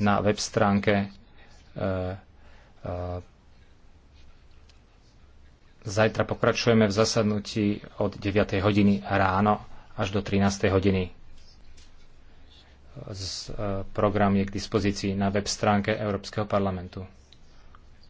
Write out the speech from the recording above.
na web stránke e, e, Zajtra pokračujeme v zasadnutí od 9. hodiny ráno až do 13. hodiny. E, program je k dispozícii na web stránke Európskeho parlamentu.